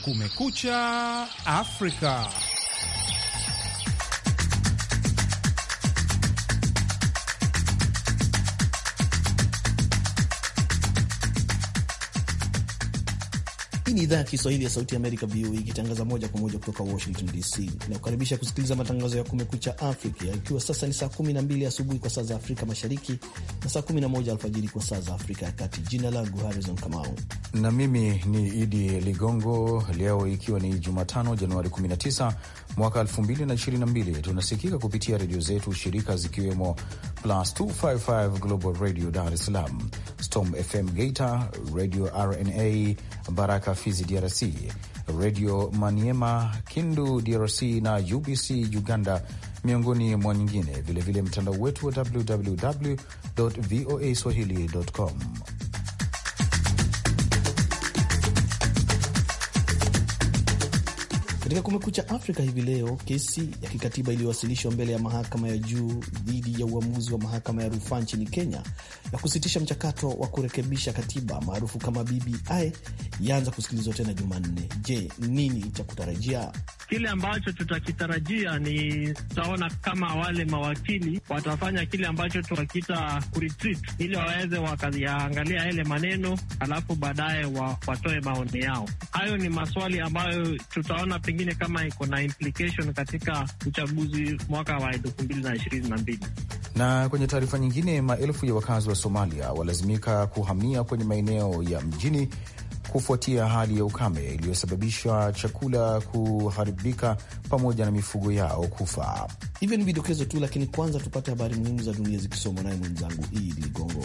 Kumekucha Afrika. idhaa ya Kiswahili ya Sauti ya Amerika, VOA, ikitangaza moja kwa moja kutoka Washington DC. Inakukaribisha kusikiliza matangazo ya Kumekucha Afrika, ikiwa sasa ni saa 12 asubuhi kwa saa za Afrika Mashariki na saa 11 alfajiri kwa saa za Afrika ya Kati. Jina langu Harrison Kamau na mimi ni Idi Ligongo. Leo ikiwa ni Jumatano, Januari 19 mwaka 2022, tunasikika kupitia redio zetu shirika zikiwemo Plus 255 Global Radio Dar es Salaam, Storm FM Geita, Radio RNA Baraka Fizi Fizi DRC, Redio Maniema Kindu DRC na UBC Uganda, miongoni mwa nyingine. Vilevile mtandao wetu wa www voa swahili.com. Katika Kumekucha Afrika hivi leo, kesi ya kikatiba iliyowasilishwa mbele ya mahakama ya juu dhidi ya uamuzi wa mahakama ya rufaa nchini Kenya na kusitisha mchakato wa kurekebisha katiba maarufu kama BBI yaanza kusikilizwa tena Jumanne. Je, nini cha kutarajia? Kile ambacho tutakitarajia ni tutaona kama wale mawakili watafanya kile ambacho tuwakiita kuretreat, ili waweze wakaziangalia yale maneno, alafu baadaye watoe maoni yao. Hayo ni maswali ambayo tutaona pengine pengine kama iko na implication katika uchaguzi mwaka wa elfu mbili na ishirini na mbili. Na kwenye taarifa nyingine, maelfu ya wakazi wa Somalia walazimika kuhamia kwenye maeneo ya mjini kufuatia hali ya ukame iliyosababisha chakula kuharibika pamoja na mifugo yao kufa. Hivyo ni vidokezo tu, lakini kwanza tupate habari muhimu za dunia zikisomwa naye mwenzangu Idi Ligongo.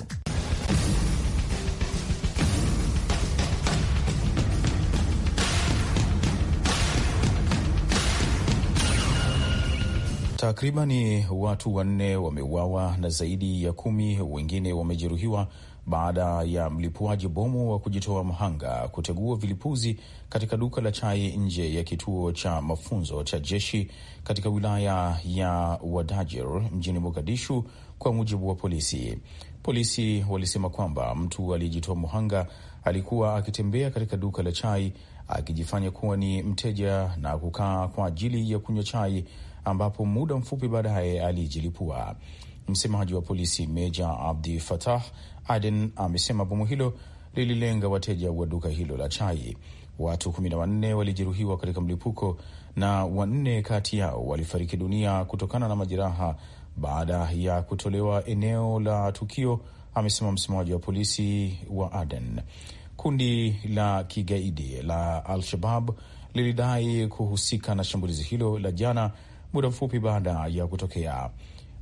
Takribani watu wanne wameuawa na zaidi ya kumi wengine wamejeruhiwa baada ya mlipuaji bomu wa kujitoa mhanga kutegua vilipuzi katika duka la chai nje ya kituo cha mafunzo cha jeshi katika wilaya ya Wadajir mjini Mogadishu, kwa mujibu wa polisi. Polisi walisema kwamba mtu aliyejitoa mhanga alikuwa akitembea katika duka la chai akijifanya kuwa ni mteja na kukaa kwa ajili ya kunywa chai ambapo muda mfupi baadaye alijilipua. Msemaji wa polisi Meja Abdi Fatah Aden amesema bomu hilo lililenga wateja wa duka hilo la chai. Watu kumi na wanne walijeruhiwa katika mlipuko na wanne kati yao walifariki dunia kutokana na majeraha baada ya kutolewa eneo la tukio, amesema msemaji wa polisi wa Aden. Kundi la kigaidi la Al-Shabab lilidai kuhusika na shambulizi hilo la jana muda mfupi baada ya kutokea.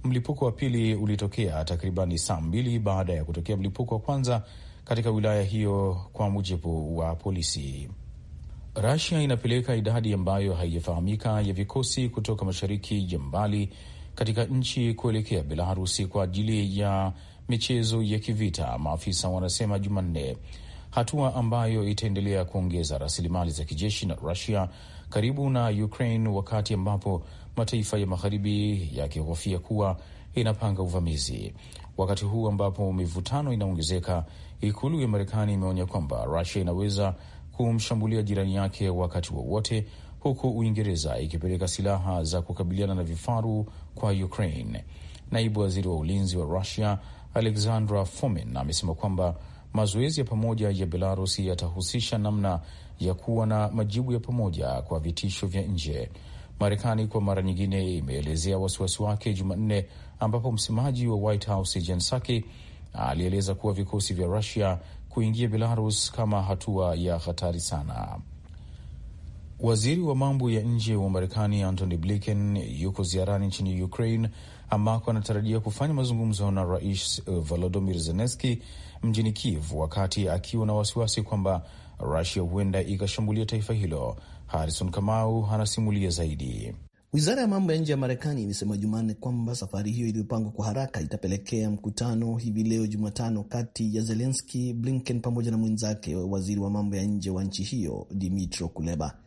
Mlipuko wa pili ulitokea takribani saa mbili baada ya kutokea mlipuko wa kwanza katika wilaya hiyo, kwa mujibu wa polisi. Rasia inapeleka idadi ambayo haijafahamika ya vikosi kutoka mashariki ya mbali katika nchi kuelekea Belarusi kwa ajili ya michezo ya kivita, maafisa wanasema Jumanne, hatua ambayo itaendelea kuongeza rasilimali za kijeshi na Rusia karibu na Ukraine wakati ambapo mataifa ya magharibi yakihofia kuwa inapanga uvamizi. Wakati huu ambapo mivutano inaongezeka, ikulu ya Marekani imeonya kwamba Rusia inaweza kumshambulia jirani yake wakati wowote wa huku Uingereza ikipeleka silaha za kukabiliana na vifaru kwa Ukraine. Naibu waziri wa ulinzi wa Rusia Alexandra Fomin amesema kwamba mazoezi ya pamoja ya Belarusi yatahusisha namna ya kuwa na majibu ya pamoja kwa vitisho vya nje. Marekani kwa mara nyingine imeelezea wasiwasi wake Jumanne, ambapo msemaji wa White House Jen Psaki alieleza kuwa vikosi vya Rusia kuingia Belarus kama hatua ya hatari sana. Waziri wa mambo ya nje wa Marekani Antony Blinken yuko ziarani nchini Ukraine ambako anatarajia kufanya mazungumzo na Rais Volodymyr Zelensky mjini Kiev, wakati akiwa na wasiwasi kwamba Rusia huenda ikashambulia taifa hilo. Harison Kamau anasimulia zaidi. Wizara ya mambo ya nje ya Marekani imesema Jumanne kwamba safari hiyo iliyopangwa kwa haraka itapelekea mkutano hivi leo Jumatano kati ya Zelenski, Blinken pamoja na mwenzake waziri wa mambo ya nje wa nchi hiyo Dimitro Kuleba.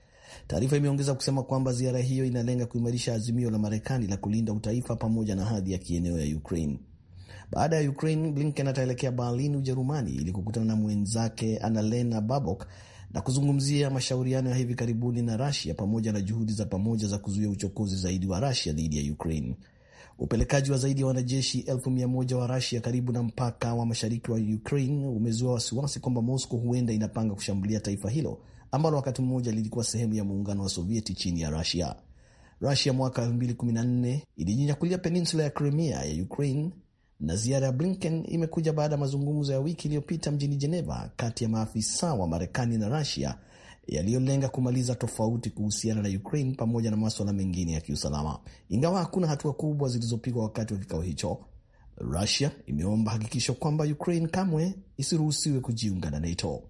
Taarifa imeongeza kusema kwamba ziara hiyo inalenga kuimarisha azimio la Marekani la kulinda utaifa pamoja na hadhi ya kieneo ya Ukraine. Baada ya Ukraine, Blinken ataelekea Berlin, Ujerumani, ili kukutana na mwenzake Annalena Baerbock na kuzungumzia mashauriano ya hivi karibuni na rasia pamoja na juhudi za pamoja za kuzuia uchokozi zaidi wa rasia dhidi ya Ukraine. Upelekaji wa zaidi ya wanajeshi elfu mia moja wa rasia karibu na mpaka wa mashariki wa Ukraine umezua wasiwasi kwamba Moscow huenda inapanga kushambulia taifa hilo ambalo wakati mmoja lilikuwa sehemu ya muungano wa Sovieti chini ya rusia rusia mwaka 2014 ilijinyakulia peninsula ya Crimea ya Ukraine na ziara ya Blinken imekuja baada ya mazungumzo ya wiki iliyopita mjini Jeneva kati ya maafisa wa Marekani na Rusia yaliyolenga kumaliza tofauti kuhusiana na Ukraine pamoja na maswala mengine ya kiusalama. Ingawa hakuna hatua kubwa zilizopigwa wakati wa kikao hicho, Rusia imeomba hakikisho kwamba Ukraine kamwe isiruhusiwe kujiunga na NATO.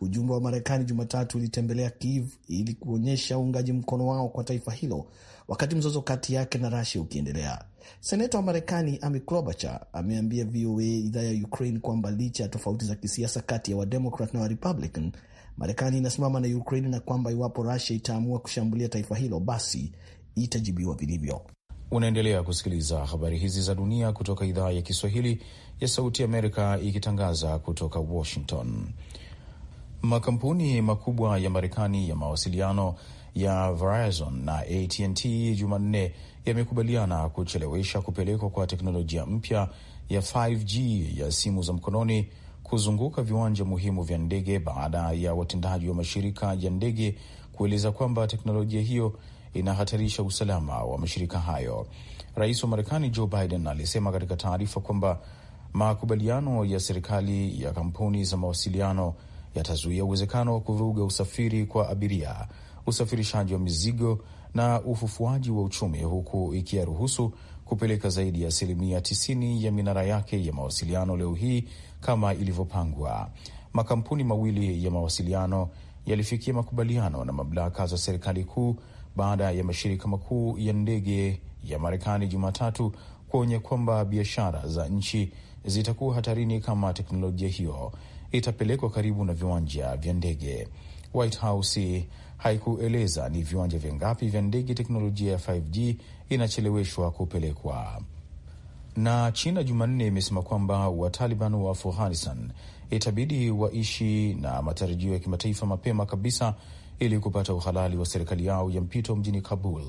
Ujumbe wa Marekani Jumatatu ulitembelea Kiev ili kuonyesha uungaji mkono wao kwa taifa hilo wakati mzozo kati yake na Rusia ukiendelea. Seneta wa Marekani Amy Klobuchar ameambia VOA idhaa ya Ukraine kwamba licha ya tofauti za kisiasa kati ya Wademokrat na Warepublican, Marekani inasimama na Ukraine na kwamba iwapo Rusia itaamua kushambulia taifa hilo, basi itajibiwa vilivyo. Unaendelea kusikiliza habari hizi za dunia kutoka idhaa ya Kiswahili ya Sauti Amerika ikitangaza kutoka Washington. Makampuni makubwa ya Marekani ya mawasiliano ya Verizon na AT&T Jumanne yamekubaliana kuchelewesha kupelekwa kwa teknolojia mpya ya 5G ya simu za mkononi kuzunguka viwanja muhimu vya ndege baada ya watendaji wa mashirika ya ndege kueleza kwamba teknolojia hiyo inahatarisha usalama wa mashirika hayo. Rais wa Marekani Joe Biden alisema katika taarifa kwamba makubaliano ya serikali ya kampuni za mawasiliano yatazuia uwezekano wa kuvuruga usafiri kwa abiria, usafirishaji wa mizigo na ufufuaji wa uchumi huku ikiyaruhusu kupeleka zaidi ya asilimia 90 ya minara yake ya mawasiliano leo hii kama ilivyopangwa. Makampuni mawili ya mawasiliano yalifikia makubaliano na mamlaka za serikali kuu baada ya mashirika makuu ya ndege ya Marekani Jumatatu kuonya kwamba biashara za nchi zitakuwa hatarini kama teknolojia hiyo itapelekwa karibu na viwanja vya ndege. White House haikueleza ni viwanja vingapi vya ndege teknolojia ya 5G inacheleweshwa kupelekwa. Na China Jumanne imesema kwamba Wataliban wa Afghanistan itabidi waishi na matarajio ya kimataifa mapema kabisa ili kupata uhalali wa serikali yao ya mpito mjini Kabul.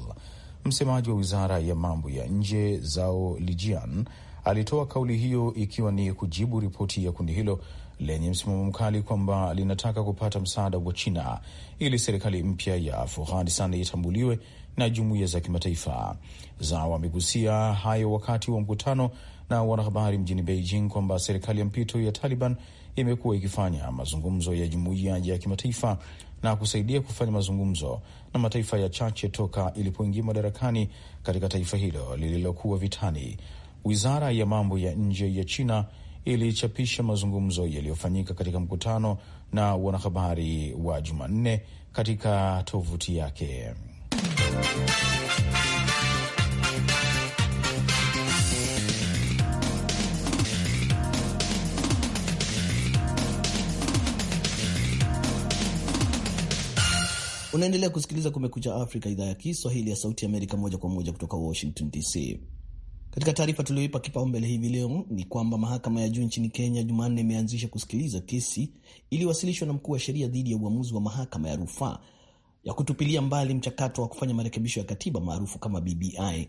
Msemaji wa wizara ya mambo ya nje Zao Lijian alitoa kauli hiyo ikiwa ni kujibu ripoti ya kundi hilo lenye msimamo mkali kwamba linataka kupata msaada wa China ili serikali mpya ya Afghanistan itambuliwe na jumuiya za kimataifa. Zao amegusia hayo wakati wa mkutano na wanahabari mjini Beijing kwamba serikali ya mpito ya Taliban imekuwa ikifanya mazungumzo ya jumuiya ya kimataifa na kusaidia kufanya mazungumzo na mataifa ya chache toka ilipoingia madarakani katika taifa hilo lililokuwa vitani. Wizara ya mambo ya nje ya China ilichapisha mazungumzo yaliyofanyika katika mkutano na wanahabari wa Jumanne katika tovuti yake. Unaendelea kusikiliza Kumekucha Afrika, idhaa ya Kiswahili ya Sauti ya Amerika, moja kwa moja kutoka Washington DC. Katika taarifa tuliyoipa kipaumbele hivi leo ni kwamba mahakama ya juu nchini Kenya Jumanne imeanzisha kusikiliza kesi iliyowasilishwa na mkuu wa sheria dhidi ya uamuzi wa mahakama ya rufaa ya kutupilia mbali mchakato wa kufanya marekebisho ya katiba maarufu kama BBI.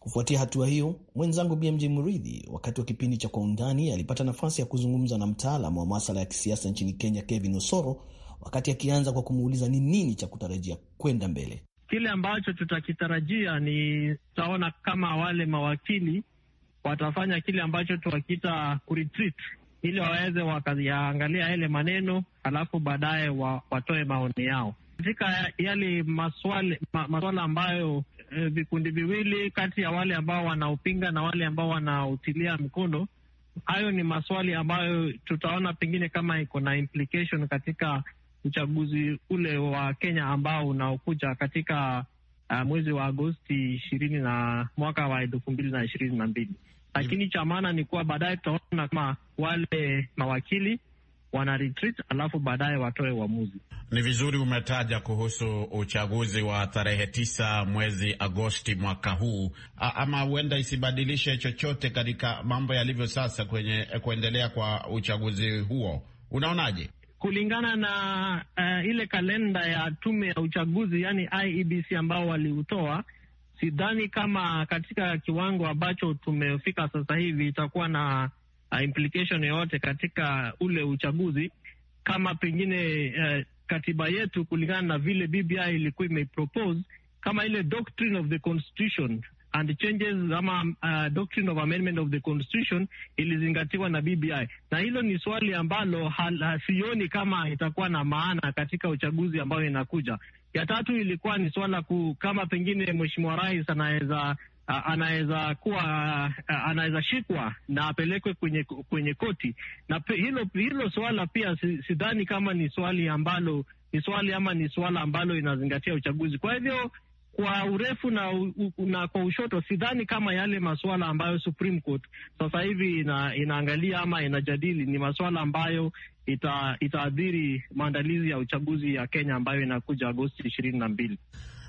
Kufuatia hatua hiyo, mwenzangu BMJ Muridhi wakati wa kipindi cha Kwa Undani alipata nafasi ya kuzungumza na mtaalamu wa maswala ya kisiasa nchini Kenya Kevin Osoro, wakati akianza kwa kumuuliza ni nini cha kutarajia kwenda mbele. Kile ambacho tutakitarajia ni tutaona kama wale mawakili watafanya kile ambacho tuwakiita kuretreat, ili waweze wakayaangalia yale maneno alafu baadaye wa, watoe maoni yao katika yale maswali, ma, maswala ambayo e, vikundi viwili kati ya wale ambao wanaupinga na wale ambao wanautilia mkono. Hayo ni maswali ambayo tutaona pengine kama iko na implication katika uchaguzi ule wa Kenya ambao unaokuja katika uh, mwezi wa Agosti ishirini na mwaka wa elfu mbili na ishirini na mbili lakini cha maana ni kuwa baadaye tutaona kama wale mawakili wana retreat, alafu baadaye watoe uamuzi. Ni vizuri umetaja kuhusu uchaguzi wa tarehe tisa mwezi Agosti mwaka huu, ama huenda isibadilishe chochote katika mambo yalivyo sasa kwenye kuendelea kwa uchaguzi huo. Unaonaje? kulingana na uh, ile kalenda ya tume ya uchaguzi yani IEBC ambao waliutoa, sidhani kama katika kiwango ambacho tumefika sasa hivi itakuwa na uh, implication yoyote katika ule uchaguzi kama pengine uh, katiba yetu kulingana na vile BBI ilikuwa imepropose kama ile doctrine of the constitution and changes ama uh, doctrine of amendment of the constitution ilizingatiwa na BBI, na hilo ni swali ambalo sioni kama itakuwa na maana katika uchaguzi ambayo inakuja. Ya tatu ilikuwa ni swala ku, kama pengine mheshimiwa rais anaweza anaweza kuwa anaweza shikwa na apelekwe kwenye kwenye koti, na hilo hilo swala pia sidhani kama ni swali ambalo ni swali ama ni swala ambalo inazingatia uchaguzi. Kwa hivyo kwa urefu na, u, na kwa ushoto, sidhani kama yale masuala ambayo Supreme Court sasa hivi ina, inaangalia ama inajadili ni masuala ambayo ita, itaathiri maandalizi ya uchaguzi ya Kenya ambayo inakuja Agosti ishirini na mbili.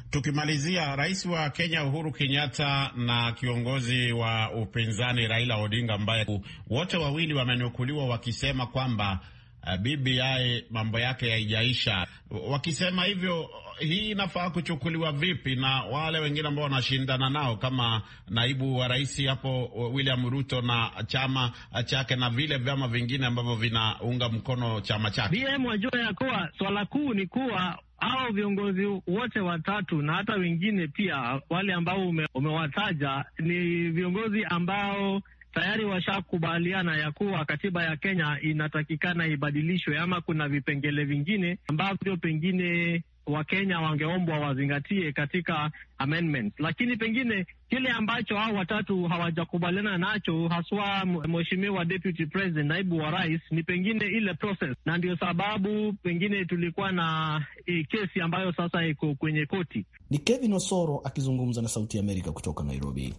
Tukimalizia, rais wa Kenya Uhuru Kenyatta na kiongozi wa upinzani Raila Odinga, ambaye wote wawili wamenukuliwa wakisema kwamba Eh, BBI mambo yake yaijaisha. Wakisema hivyo, hii inafaa kuchukuliwa vipi na wale wengine ambao wanashindana nao kama naibu wa rais hapo William Ruto na chama chake na vile vyama vingine ambavyo vinaunga mkono chama chake? BM wajua ya kuwa swala kuu ni kuwa hao viongozi wote watatu na hata wengine pia wale ambao umewataja ume ni viongozi ambao tayari washakubaliana ya kuwa katiba ya Kenya inatakikana ibadilishwe, ama kuna vipengele vingine ambavyo pengine Wakenya wangeombwa wazingatie katika amendment. Lakini pengine kile ambacho hao watatu hawajakubaliana nacho haswa mheshimiwa deputy president, naibu wa rais, ni pengine ile process, na ndio sababu pengine tulikuwa na e, kesi ambayo sasa iko kwenye koti. Ni Kevin Osoro akizungumza na Sauti ya Amerika kutoka Nairobi.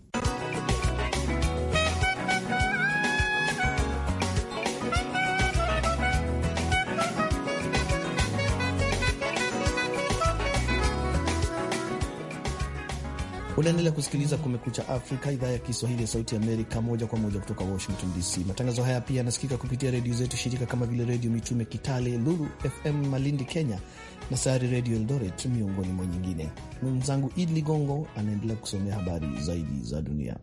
Unaendelea kusikiliza Kumekucha Afrika, idhaa ya Kiswahili ya Sauti Amerika, moja kwa moja kutoka Washington DC. Matangazo haya pia yanasikika kupitia redio zetu shirika kama vile Redio Mitume Kitale, Lulu FM Malindi Kenya na Sayari Redio Eldoret, miongoni mwa nyingine. Mwenzangu Idi Ligongo anaendelea kusomea habari zaidi za dunia.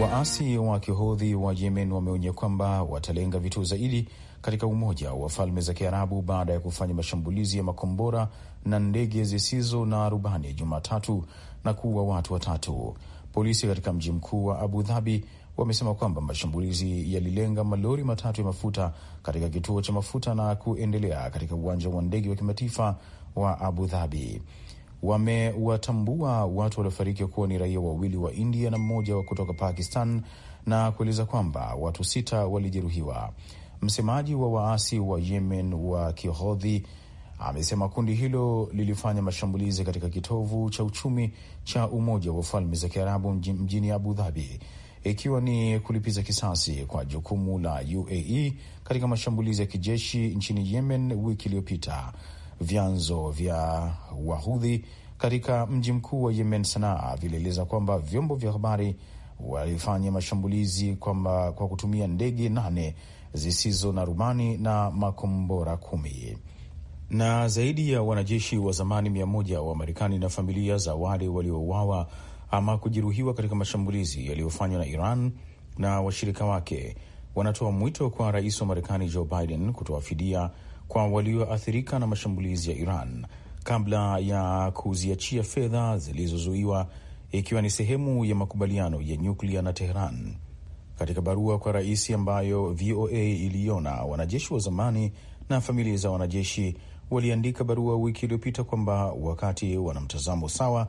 Waasi wa kihodhi wa Yemen wameonya kwamba watalenga vituo zaidi katika Umoja wa Falme za Kiarabu baada ya kufanya mashambulizi ya makombora na ndege zisizo na rubani Jumatatu na kuua watu watatu. Polisi katika mji mkuu wa Abu Dhabi wamesema kwamba mashambulizi yalilenga malori matatu ya mafuta katika kituo cha mafuta na kuendelea katika uwanja wa ndege wa kimataifa wa Abu Dhabi wamewatambua watu waliofariki kuwa ni raia wawili wa India na mmoja wa kutoka Pakistan na kueleza kwamba watu sita walijeruhiwa. Msemaji wa waasi wa Yemen wa Kihodhi amesema kundi hilo lilifanya mashambulizi katika kitovu cha uchumi cha Umoja wa Falme za Kiarabu mjini Abu Dhabi, ikiwa ni kulipiza kisasi kwa jukumu la UAE katika mashambulizi ya kijeshi nchini Yemen wiki iliyopita. Vyanzo vya wahudhi katika mji mkuu wa Yemen, Sanaa, vilieleza kwamba vyombo vya habari walifanya mashambulizi kwamba kwa kutumia ndege nane zisizo na rumani na makombora kumi na zaidi ya wanajeshi wa zamani mia moja wa Marekani na familia za wale waliouawa ama kujeruhiwa katika mashambulizi yaliyofanywa na Iran na washirika wake wanatoa mwito kwa rais wa Marekani Joe Biden kutoa fidia kwa walioathirika na mashambulizi ya Iran kabla ya kuziachia fedha zilizozuiwa ikiwa ni sehemu ya makubaliano ya nyuklia na Teheran. Katika barua kwa rais ambayo VOA iliona, wanajeshi wa zamani na familia za wanajeshi waliandika barua wiki iliyopita kwamba wakati wana mtazamo sawa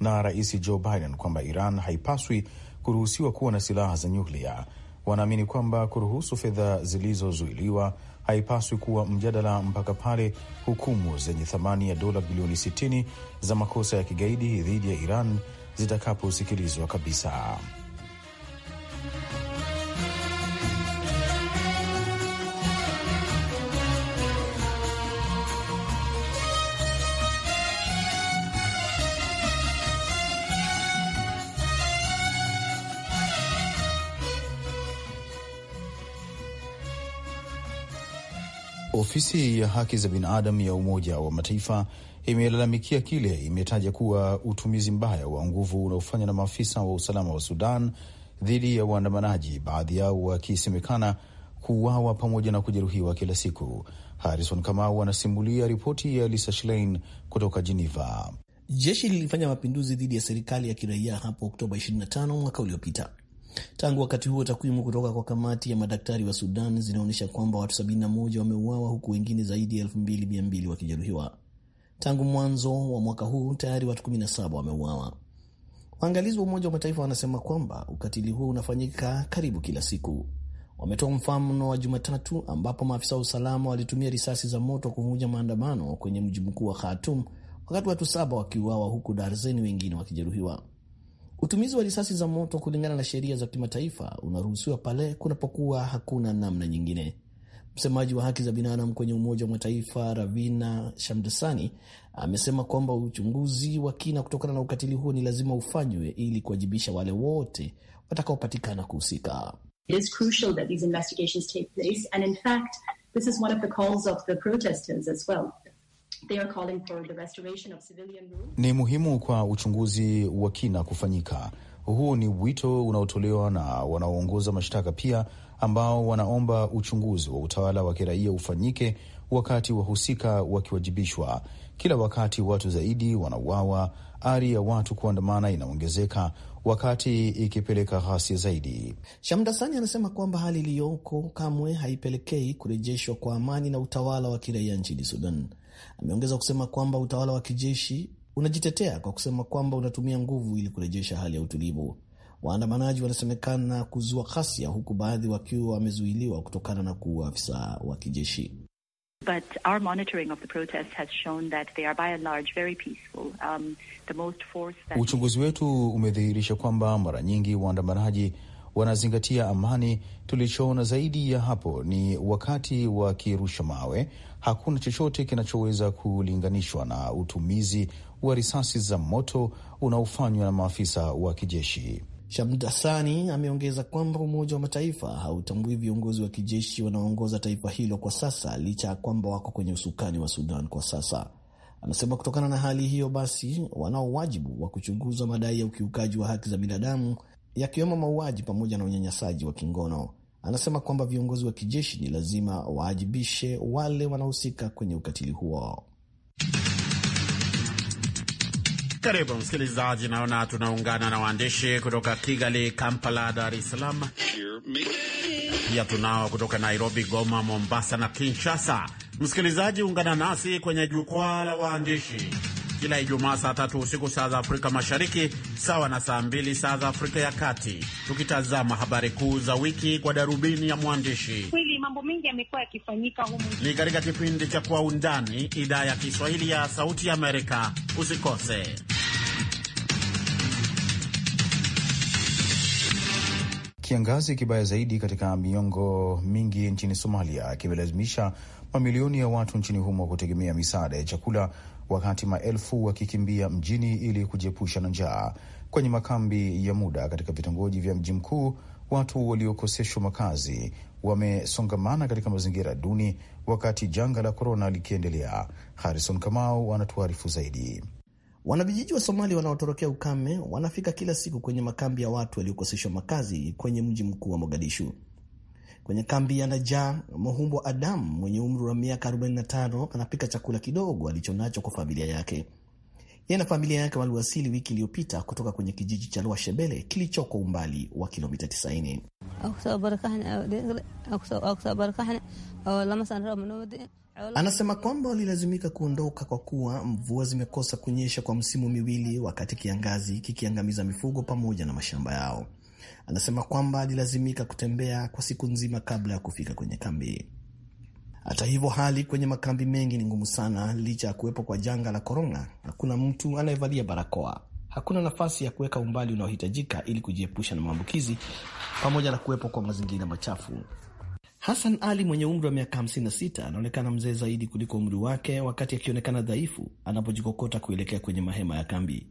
na rais Joe Biden kwamba Iran haipaswi kuruhusiwa kuwa na silaha za nyuklia, wanaamini kwamba kuruhusu fedha zilizozuiliwa haipaswi kuwa mjadala mpaka pale hukumu zenye thamani ya dola bilioni 60 za makosa ya kigaidi dhidi ya Iran zitakaposikilizwa kabisa. Ofisi ya haki za binadamu ya Umoja wa Mataifa imelalamikia kile imetaja kuwa utumizi mbaya wa nguvu unaofanywa na maafisa wa usalama wa Sudan dhidi ya waandamanaji, baadhi yao wakisemekana kuuawa pamoja na kujeruhiwa kila siku. Harrison Kamau anasimulia ripoti ya Lisa Schlein kutoka Geneva. Jeshi lilifanya mapinduzi dhidi ya serikali ya kiraia hapo Oktoba 25 mwaka uliopita. Tangu wakati huo, takwimu kutoka kwa kamati ya madaktari wa Sudan zinaonyesha kwamba watu 71 wameuawa huku wengine zaidi ya 2200 wakijeruhiwa. Tangu mwanzo wa mwaka huu tayari watu 17 wameuawa. Waangalizi wa Umoja wa Mataifa wanasema kwamba ukatili huo unafanyika karibu kila siku. Wametoa mfano wa Jumatatu ambapo maafisa wa usalama walitumia risasi za moto kuvunja maandamano kwenye mji mkuu wa Khartoum, wakati watu saba wakiuawa huku darzeni wengine wakijeruhiwa. Utumizi wa risasi za moto kulingana na sheria za kimataifa unaruhusiwa pale kunapokuwa hakuna namna nyingine. Msemaji wa haki za binadamu kwenye Umoja wa Mataifa Ravina Shamdasani amesema kwamba uchunguzi wa kina kutokana na ukatili huo ni lazima ufanywe ili kuwajibisha wale wote watakaopatikana kuhusika. Well. Ni muhimu kwa uchunguzi wa kina kufanyika. Huu ni wito unaotolewa na wanaoongoza mashtaka pia, ambao wanaomba uchunguzi wa utawala wa kiraia ufanyike wakati wahusika wakiwajibishwa. Kila wakati watu zaidi wanauawa, ari ya watu kuandamana inaongezeka, wakati ikipeleka ghasia zaidi. Shamdasani anasema kwamba hali iliyoko kamwe haipelekei kurejeshwa kwa amani na utawala wa kiraia nchini Sudan. Ameongeza kusema kwamba utawala wa kijeshi unajitetea kwa kusema kwamba unatumia nguvu ili kurejesha hali ya utulivu. Waandamanaji wanasemekana kuzua ghasia, huku baadhi wakiwa wamezuiliwa kutokana na kuua afisa wa kijeshi. But our monitoring of the protests has shown that they are by and large very peaceful. Um, the most force that... Uchunguzi wetu umedhihirisha kwamba mara nyingi waandamanaji wanazingatia amani. Tulichoona zaidi ya hapo ni wakati wa kirusha mawe. Hakuna chochote kinachoweza kulinganishwa na utumizi wa risasi za moto unaofanywa na maafisa wa kijeshi. Shamdasani ameongeza kwamba Umoja wa Mataifa hautambui viongozi wa kijeshi wanaoongoza taifa hilo kwa sasa licha ya kwamba wako kwenye usukani wa Sudan kwa sasa. Anasema kutokana na hali hiyo basi, wanao wajibu wa kuchunguza madai ya ukiukaji wa haki za binadamu yakiwemo mauaji pamoja na unyanyasaji wa kingono. Anasema kwamba viongozi wa kijeshi ni lazima waajibishe wale wanaohusika kwenye ukatili huo. Karibu msikilizaji, naona tunaungana na waandishi kutoka Kigali, Kampala, Dar es Salaam. Pia tunao kutoka Nairobi, Goma, Mombasa na Kinshasa. Msikilizaji, ungana nasi kwenye jukwaa la waandishi kila Ijumaa saa tatu usiku saa za Afrika Mashariki, sawa na saa mbili saa za Afrika ya Kati, tukitazama habari kuu za wiki kwa darubini ya mwandishi mambo mengi yamekuwa yakifanyika humu. Ni katika kipindi cha Kwa Undani, idhaa ya Kiswahili ya Sauti ya Amerika. Usikose. Kiangazi kibaya zaidi katika miongo mingi nchini Somalia kimelazimisha mamilioni ya watu nchini humo kutegemea misaada ya chakula, wakati maelfu wakikimbia mjini ili kujiepusha na njaa kwenye makambi ya muda katika vitongoji vya mji mkuu watu waliokoseshwa makazi wamesongamana katika mazingira duni wakati janga la korona likiendelea. Harrison Kamau anatuarifu zaidi. Wanavijiji wa Somalia wanaotorokea ukame wanafika kila siku kwenye makambi ya watu waliokoseshwa makazi kwenye mji mkuu wa Mogadishu. Kwenye kambi ya Najaa, Mohumbo Adam mwenye umri wa miaka 45 anapika chakula kidogo alichonacho kwa familia yake. Yeye na familia yake waliwasili wiki iliyopita kutoka kwenye kijiji cha Shebele kilichoko umbali wa kilomita 90. Anasema kwamba walilazimika kuondoka kwa kuwa mvua zimekosa kunyesha kwa msimu miwili, wakati kiangazi kikiangamiza mifugo pamoja na mashamba yao. Anasema kwamba alilazimika kutembea kwa siku nzima kabla ya kufika kwenye kambi. Hata hivyo, hali kwenye makambi mengi ni ngumu sana licha ya kuwepo kwa janga la korona. Hakuna mtu anayevalia barakoa, hakuna nafasi ya kuweka umbali unaohitajika ili kujiepusha na maambukizi, pamoja na kuwepo kwa mazingira machafu. Hassan Ali mwenye umri wa miaka 56 anaonekana mzee zaidi kuliko umri wake, wakati akionekana dhaifu anapojikokota kuelekea kwenye mahema ya kambi.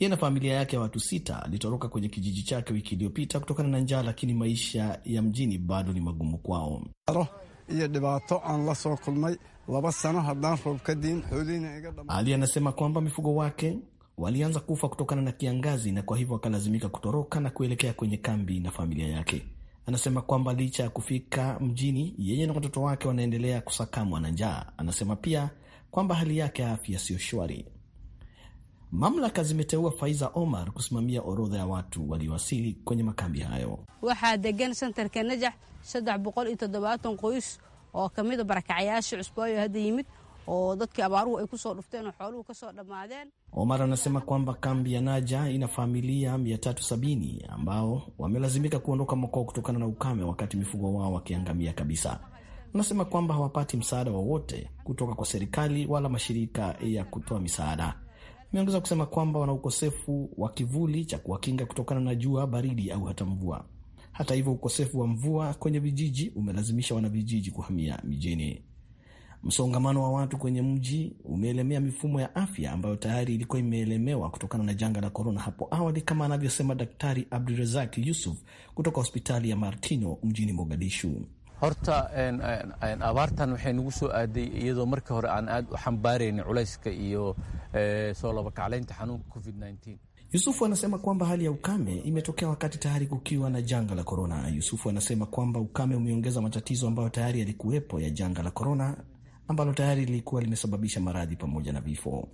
Yeye na familia yake ya watu sita alitoroka kwenye kijiji chake wiki iliyopita kutokana na njaa, lakini maisha ya mjini bado ni magumu kwao iyo dhibaato aan la soo kulmay laba sano haddaan roob ka diin xoolihiina iga dhama. Ali anasema kwamba mifugo wake walianza kufa kutokana na kiangazi na kwa hivyo akalazimika kutoroka na kuelekea kwenye kambi na familia yake. Anasema kwamba licha ya kufika mjini, yeye na watoto wake wanaendelea kusakamwa na njaa. Anasema pia kwamba hali yake ya afya siyo shwari. Mamlaka zimeteua Faiza Omar kusimamia orodha ya watu waliowasili kwenye makambi hayo. waxaa degan santarka najax saddex boqol iyo toddobaatan qoys oo ka a ah barakacayaasha cusbaayo hadda yimid oo dadkii abaaruhu ay kusoo dhufteen oo xooluhu kasoo dhammaadeen Omar anasema kwamba kambi ya Naja ina familia 370 ambao wamelazimika kuondoka makwao kutokana na ukame, wakati mifugo wao wakiangamia kabisa. Anasema kwamba hawapati msaada wowote kutoka kwa serikali wala mashirika ya kutoa misaada. Ameongeza kusema kwamba wana ukosefu wa kivuli cha kuwakinga kutokana na jua, baridi au hata mvua. Hata hivyo, ukosefu wa mvua kwenye vijiji umelazimisha wanavijiji kuhamia mijini. Msongamano wa watu kwenye mji umeelemea mifumo ya afya ambayo tayari ilikuwa imeelemewa kutokana na janga la korona hapo awali, kama anavyosema Daktari Abdurazak Yusuf kutoka hospitali ya Martino mjini Mogadishu. horta abaartan waxay nagu soo aaday iyadoo marka hore aan aad u xambaaraynin culayska iyo eh, soo labakacleynta xanuunka covid-19 Yusufu anasema kwamba hali ya ukame imetokea wakati tayari kukiwa na janga la korona. Yusufu anasema kwamba ukame umeongeza matatizo ambayo tayari yalikuwepo ya janga la korona ambalo tayari lilikuwa limesababisha maradhi pamoja na vifo.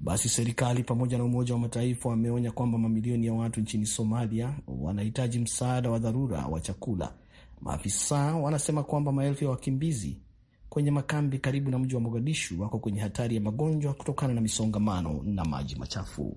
Basi serikali pamoja na Umoja wa Mataifa wameonya kwamba mamilioni ya watu nchini Somalia wanahitaji msaada wa dharura wa chakula. Maafisa wanasema kwamba maelfu ya wakimbizi kwenye makambi karibu na mji wa Mogadishu wako kwenye hatari ya magonjwa kutokana na misongamano na maji machafu.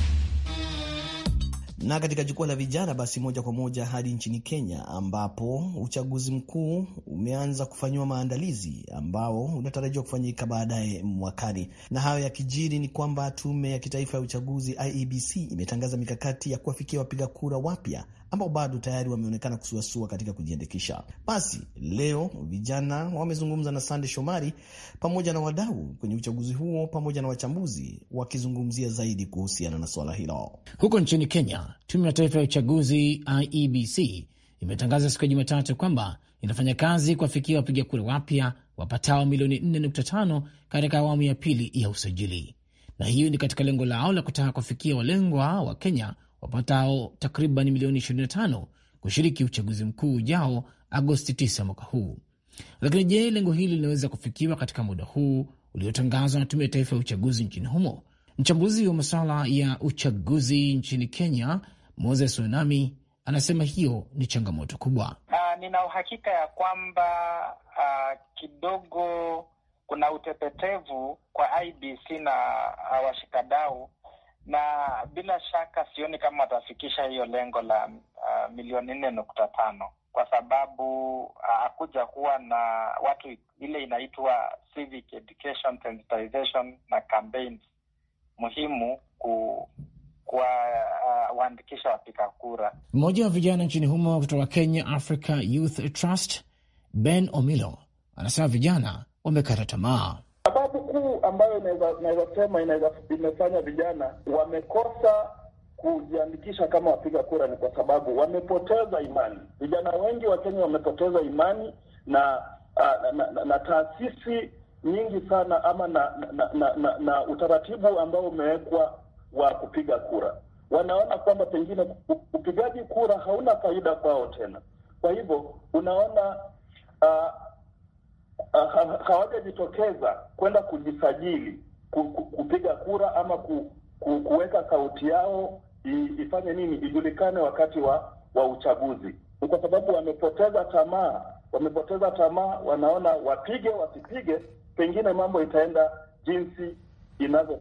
Na katika jukwaa la vijana, basi moja kwa moja hadi nchini Kenya ambapo uchaguzi mkuu umeanza kufanyiwa maandalizi ambao unatarajiwa kufanyika baadaye mwakani. Na hayo yakijiri, ni kwamba tume ya kitaifa ya uchaguzi IEBC imetangaza mikakati ya kuwafikia wapiga kura wapya ambao bado tayari wameonekana kusuasua katika kujiandikisha. Basi leo vijana wamezungumza na Sande Shomari pamoja na wadau kwenye uchaguzi huo pamoja na wachambuzi wakizungumzia zaidi kuhusiana na swala hilo. Huko nchini Kenya, tume ya taifa ya uchaguzi IEBC imetangaza siku ya Jumatatu kwamba inafanya kazi kuwafikia wapiga kura wapya wapatao milioni 4.5 katika awamu ya pili ya usajili, na hiyo ni katika lengo lao la kutaka kufikia walengwa wa Kenya wapatao takriban milioni 25 kushiriki uchaguzi mkuu ujao Agosti 9 mwaka huu. Lakini je, lengo hili linaweza kufikiwa katika muda huu uliotangazwa na Tume ya Taifa ya Uchaguzi nchini humo? Mchambuzi wa masuala ya uchaguzi nchini Kenya, Moses Wenami, anasema hiyo ni changamoto kubwa. Uh, nina uhakika ya kwamba uh, kidogo kuna utepetevu kwa IBC na uh, washikadau na bila shaka sioni kama watafikisha hiyo lengo la uh, milioni nne nukta tano kwa sababu ah, hakuja uh, kuwa na watu ile inaitwa civic education sensitization na campaigns muhimu ku kuwaandikisha ah, uh, wapiga kura. Mmoja wa vijana nchini humo kutoka Kenya Africa Youth Trust, Ben Omilo anasema vijana wamekata tamaa sababu ambayo inaweza sema imefanya vijana wamekosa kujiandikisha kama wapiga kura ni kwa sababu wamepoteza imani. Vijana wengi wa Kenya wamepoteza imani na ah, na, na, na, na taasisi nyingi sana ama na na, na, na, na utaratibu ambao umewekwa wa kupiga kura. Wanaona kwamba pengine upigaji kura hauna faida kwao tena. Kwa hivyo unaona uh, hawajajitokeza kwenda kujisajili kupiga kura ama ku, ku, kuweka sauti yao ifanye nini, ijulikane wakati wa wa uchaguzi, ni kwa sababu wamepoteza tamaa. Wamepoteza tamaa, wanaona wapige wasipige, pengine mambo itaenda jinsi inavyo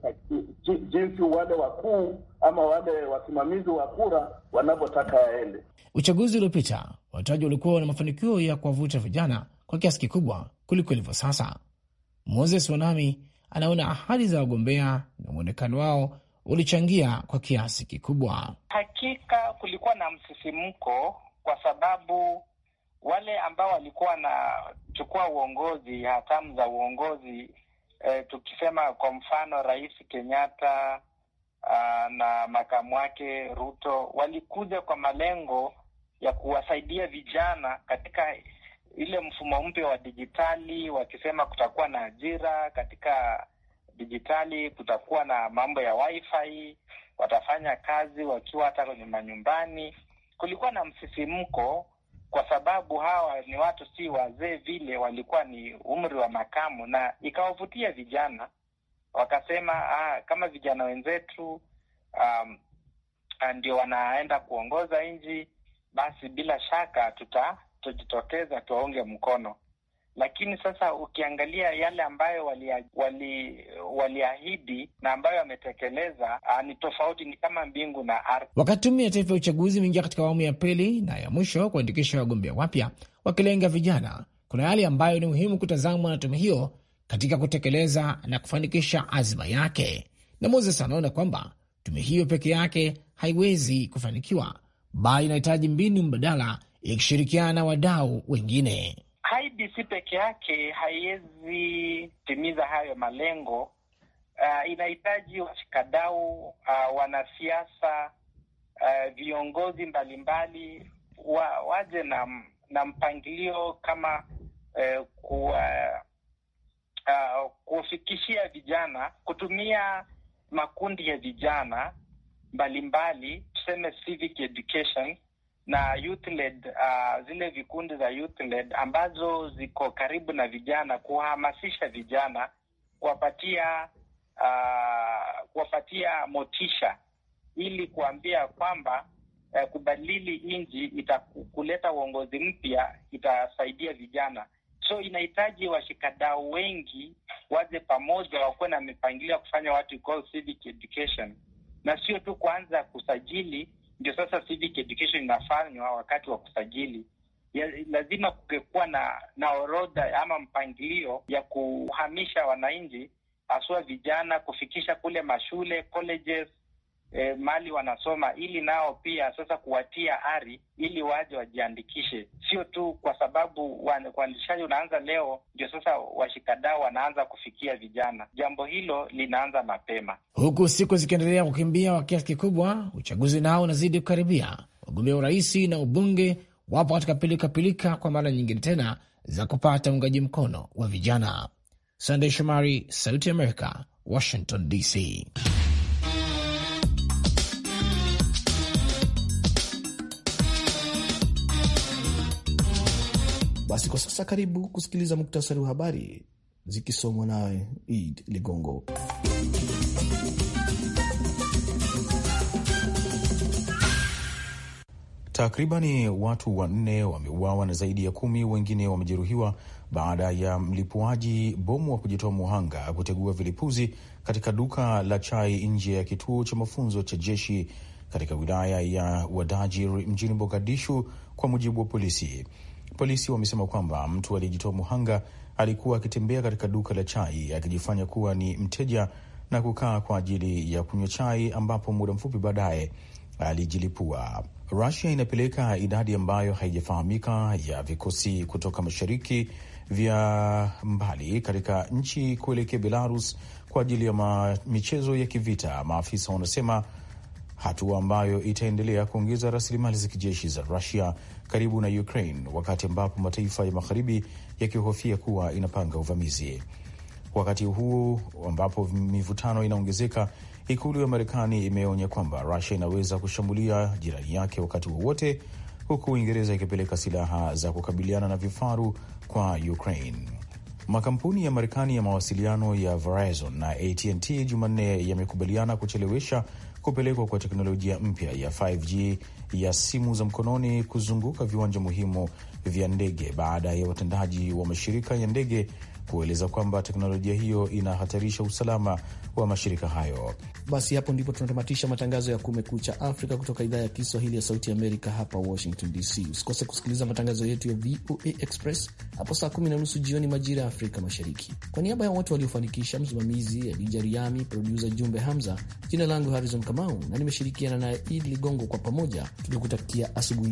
jinsi wale wakuu ama wale wasimamizi wa kura wanavyotaka yaende. Uchaguzi uliopita, wataji walikuwa na mafanikio ya kuwavuta vijana kwa kiasi kikubwa kuliko ilivyo sasa. Moses Wanami anaona ahadi za wagombea na mwonekano wao ulichangia kwa kiasi kikubwa. Hakika kulikuwa na msisimko, kwa sababu wale ambao walikuwa wanachukua uongozi, hatamu za uongozi eh, tukisema kwa mfano Rais Kenyatta ah, na makamu wake Ruto walikuja kwa malengo ya kuwasaidia vijana katika ile mfumo mpya wa dijitali, wakisema kutakuwa na ajira katika dijitali, kutakuwa na mambo ya wifi, watafanya kazi wakiwa hata kwenye manyumbani. Kulikuwa na msisimko kwa sababu hawa ni watu si wazee vile, walikuwa ni umri wa makamu, na ikawavutia vijana, wakasema ah, kama vijana wenzetu um, ndio wanaenda kuongoza nchi, basi bila shaka tuta tutajitokeza tuwaunge mkono. Lakini sasa ukiangalia yale ambayo waliahidi wali, wali na ambayo yametekeleza ah, ni tofauti, ni kama mbingu na ardhi. Wakati Tume ya Taifa ya Uchaguzi imeingia katika awamu ya pili na ya mwisho kuandikisha wagombea wapya wakilenga vijana, kuna yale ambayo ni muhimu kutazamwa na tume hiyo katika kutekeleza na kufanikisha azma yake. Na Moses anaona kwamba tume hiyo peke yake haiwezi kufanikiwa, bali inahitaji mbinu mbadala ikishirikiana na wadau wengine. ibc peke yake haiwezi timiza hayo malengo. Uh, inahitaji washikadau uh, wanasiasa uh, viongozi mbalimbali wa, waje na, na mpangilio kama uh, kuwa, uh, kufikishia vijana kutumia makundi ya vijana mbalimbali tuseme civic education na youth led, uh, zile vikundi za youth led ambazo ziko karibu na vijana, kuhamasisha vijana, kuwapatia uh, kuwapatia motisha ili kuambia kwamba uh, kubadili nchi itakuleta uongozi mpya itasaidia vijana. So inahitaji washikadau wengi waje pamoja, wakuwe na mipangilio ya kufanya watu call civic education, na sio tu kuanza kusajili ndio sasa civic education inafanywa wakati wa kusajili ya, lazima kungekuwa na na orodha ama mpangilio ya kuhamisha wananchi haswa vijana kufikisha kule mashule colleges e, mali wanasoma, ili nao pia sasa kuwatia ari ili waje wajiandikishe, sio tu kwa sababu uandikishaji unaanza leo ndio sasa washikadau wanaanza kufikia vijana. Jambo hilo linaanza mapema. Huku siku zikiendelea kukimbia kwa kiasi kikubwa, uchaguzi nao unazidi kukaribia. Wagombea urais na ubunge wapo katika pilikapilika kwa mara nyingine tena za kupata uungaji mkono wa vijana. Sandey Shomari, Sauti ya Amerika, Washington DC. Basi kwa sasa, karibu kusikiliza muktasari wa habari zikisomwa naye Id Ligongo. Takribani watu wanne wameuawa na zaidi ya kumi wengine wamejeruhiwa baada ya mlipuaji bomu wa kujitoa muhanga kutegua vilipuzi katika duka la chai nje ya kituo cha mafunzo cha jeshi katika wilaya ya Wadajir mjini Mogadishu, kwa mujibu wa polisi. Polisi wamesema kwamba mtu aliyejitoa muhanga alikuwa akitembea katika duka la chai akijifanya kuwa ni mteja na kukaa kwa ajili ya kunywa chai, ambapo muda mfupi baadaye alijilipua. Rusia inapeleka idadi ambayo haijafahamika ya vikosi kutoka mashariki vya mbali katika nchi kuelekea Belarus kwa ajili ya michezo ya kivita, maafisa wanasema, hatua ambayo itaendelea kuongeza rasilimali za kijeshi za Rusia karibu na Ukraine, wakati ambapo mataifa ya magharibi yakihofia kuwa inapanga uvamizi. Wakati huu ambapo mivutano inaongezeka, ikulu ya Marekani imeonya kwamba Rusia inaweza kushambulia jirani yake wakati wowote, huku Uingereza ikipeleka silaha za kukabiliana na vifaru kwa Ukraine. Makampuni ya Marekani ya mawasiliano ya Verizon na AT&T Jumanne yamekubaliana kuchelewesha kupelekwa kwa teknolojia mpya ya 5G ya simu za mkononi kuzunguka viwanja muhimu vya ndege baada ya watendaji wa mashirika ya ndege kueleza kwamba teknolojia hiyo inahatarisha usalama wa mashirika hayo. Basi hapo ndipo tunatamatisha matangazo ya Kumekucha Afrika kutoka idhaa ya Kiswahili ya Sauti Amerika hapa Washington DC. Usikose kusikiliza matangazo yetu ya VOA Express hapo saa kumi na nusu jioni majira ya Afrika Mashariki. Kwa niaba ya wote waliofanikisha, msimamizi Adija Riami, produsa Jumbe Hamza, jina langu Harrison Kamau na nimeshirikiana naye Idi Ligongo, kwa pamoja tulikutakia asubuhi